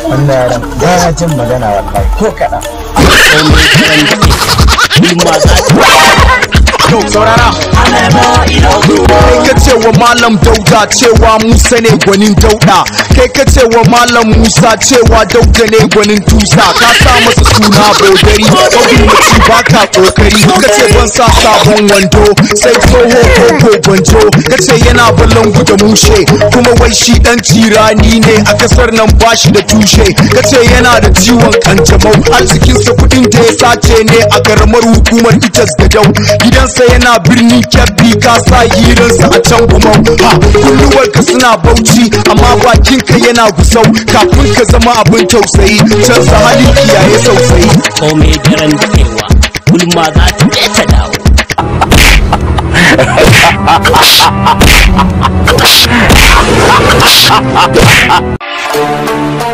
wannan yaran ba jin magana wallahi ko kaɗan. Saurara! kai ka cewa malam dauda cewa musa ne gwanin dauda kai ka cewa malam musa cewa dauda ne gwanin tusa ka sa masa suna bodari kawai mutum ba ka kokari ka ce ban sa sabon wando sai tsoho koko gwanjo ka ce yana ballon da mushe kuma wai shi dan cirani ne a kasar nan bashi da tushe ka ce yana da ciwon kanjamau arzikinsa kudin da ya sace ne a karamar hukumar itas gadau gidansa yana birni kyar zafi ka sa hirarsa a can kuma. ha ka suna bauchi amma bakinka yana gusau kafin ka zama abin tausayi canza hali kiyaye sausayi komai daren daɗewa gulma za ta ha ta dawo Ha ha ha ha ha!